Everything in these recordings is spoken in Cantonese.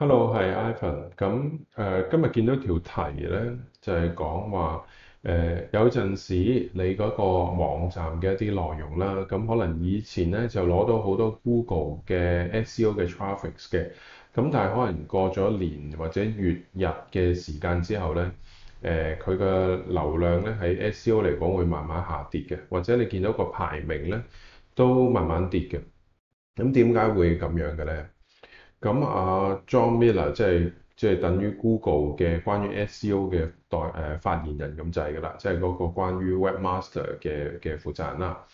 Hello，係 Ivan。咁、呃、誒，今日見到條題咧，就係、是、講話誒、呃，有陣時你嗰個網站嘅一啲內容啦，咁可能以前咧就攞到好多 Google 嘅 SEO 嘅 traffic 嘅，咁但係可能過咗年或者月日嘅時間之後咧，誒、呃，佢嘅流量咧喺 SEO 嚟講會慢慢下跌嘅，或者你見到個排名咧都慢慢跌嘅。咁點解會咁樣嘅咧？咁啊、嗯、John Miller 即係即係等於 Google 嘅關於 SEO 嘅代誒、呃、發言人咁滯㗎啦，即係嗰個關於 Webmaster 嘅嘅負責人啦。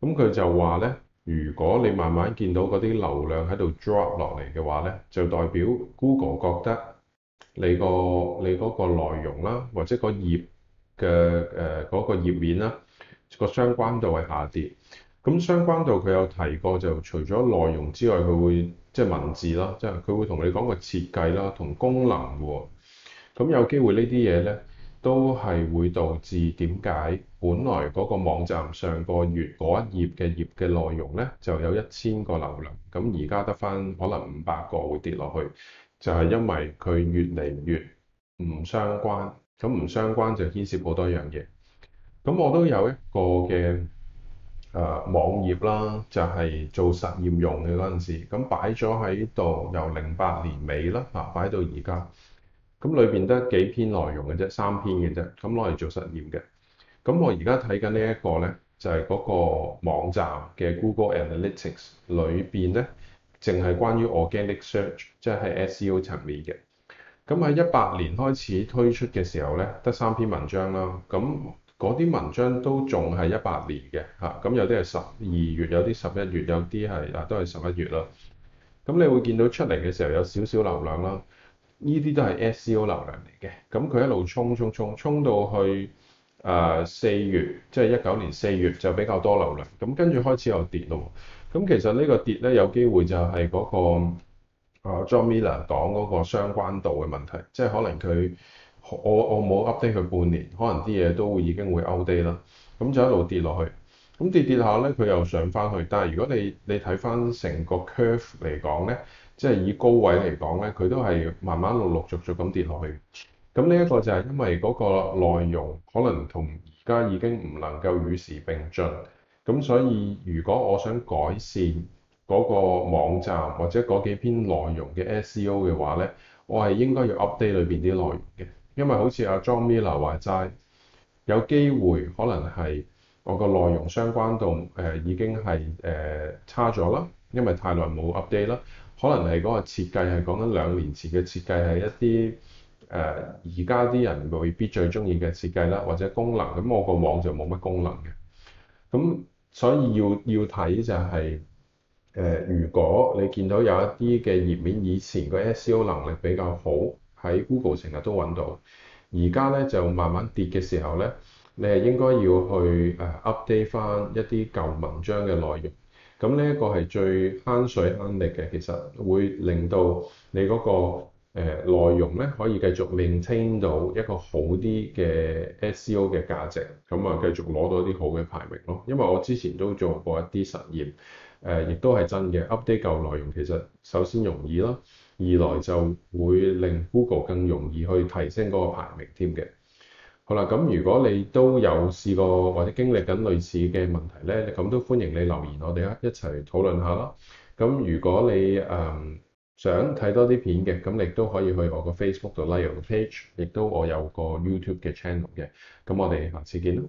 咁、嗯、佢就話咧，如果你慢慢見到嗰啲流量喺度 drop 落嚟嘅話咧，就代表 Google 覺得你個你嗰個內容啦，或者個頁嘅誒嗰個頁面啦，個相關度係下跌。咁相關度，佢有提過，就除咗內容之外，佢會即係、就是、文字啦，即係佢會同你講個設計啦，同功能喎、喔。咁有機會呢啲嘢呢都係會導致點解本來嗰個網站上個月嗰一頁嘅頁嘅內容呢就有一千個流量，咁而家得翻可能五百個會跌落去，就係、是、因為佢越嚟越唔相關。咁唔相關就牽涉好多樣嘢。咁我都有一個嘅。誒、呃、網頁啦，就係、是、做實驗用嘅嗰陣時，咁擺咗喺度，由零八年尾啦，啊擺到而家，咁裏邊得幾篇內容嘅啫，三篇嘅啫，咁攞嚟做實驗嘅。咁、嗯、我而家睇緊呢一個咧，就係、是、嗰個網站嘅 Google Analytics 裏邊咧，淨係關於 Organic Search，即係 SEO 層面嘅。咁喺一八年開始推出嘅時候咧，得三篇文章啦，咁、嗯。嗰啲文章都仲係一八年嘅，嚇、啊、咁有啲係十二月，有啲十一月，有啲係啊都係十一月咯。咁你會見到出嚟嘅時候有少少流量啦，呢啲都係 SEO 流量嚟嘅。咁佢一路衝衝衝，衝到去啊四、呃、月，即係一九年四月就比較多流量。咁跟住開始又跌咯。咁其實呢個跌咧有機會就係嗰、嗰個啊 John Miller 講嗰個相關度嘅問題，即係可能佢。我我冇 update 佢半年，可能啲嘢都已經會 out date 啦。咁就一路跌落去，咁跌跌下咧，佢又上翻去。但係如果你你睇翻成個 curve 嚟講咧，即係以高位嚟講咧，佢都係慢慢陸陸續續咁跌落去。咁呢一個就係因為嗰個內容可能同而家已經唔能夠與時並進。咁所以如果我想改善嗰個網站或者嗰幾篇內容嘅 SEO 嘅話咧，我係應該要 update 裏邊啲內容嘅。因為好似阿 John Miller 話齋，有機會可能係我個內容相關度誒、呃、已經係誒、呃、差咗啦，因為太耐冇 update 啦。可能係嗰個設計係講緊兩年前嘅設計，係一啲誒而家啲人未必最中意嘅設計啦，或者功能。咁我個網就冇乜功能嘅。咁所以要要睇就係、是、誒、呃，如果你見到有一啲嘅頁面以前個 SEO 能力比較好。喺 Google 成日都揾到呢，而家咧就慢慢跌嘅時候咧，你係應該要去誒 update 翻一啲舊文章嘅內容。咁呢一個係最慳水慳力嘅，其實會令到你嗰、那個誒、呃、內容咧可以繼續 maintain 到一個好啲嘅 SEO 嘅價值，咁啊繼續攞到啲好嘅排名咯。因為我之前都做過一啲實驗，誒亦都係真嘅，update 舊內容其實首先容易咯。二來就會令 Google 更容易去提升嗰個排名添嘅。好啦，咁如果你都有試過或者經歷緊類似嘅問題呢，咁都歡迎你留言，我哋一討論一齊討論下咯。咁如果你誒、呃、想睇多啲片嘅，咁你都可以去我個 Facebook 度 Like 我個 Page，亦都我有個 YouTube 嘅 Channel 嘅。咁我哋下次見咯。